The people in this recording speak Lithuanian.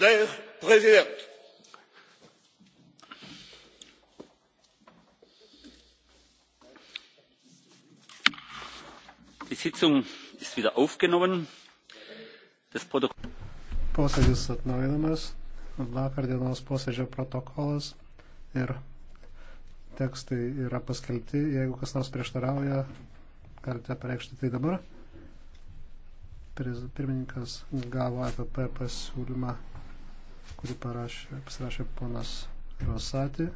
der präsident! die sitzung ist wieder aufgenommen. posėdis atnaujinamas vakar dienos posėdžio protokolas ir tekstai yra paskelbti jeigu kas nors prieštarauja galite pareikšti tai dabar pirmininkas gavo epp pasiūlymą kurį parašė, pasirašė ponas Rosati.